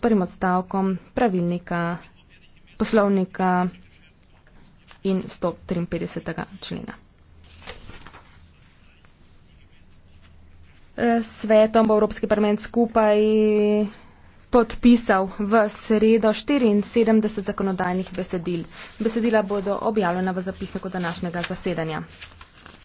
prvim odstavkom pravilnika, poslovnika in 153. člena. Eh, svetom bo Evropski parlament skupaj podpisal v sredo 74 zakonodajnih besedil. Besedila bodo objavljena v zapisniku današnjega zasedanja.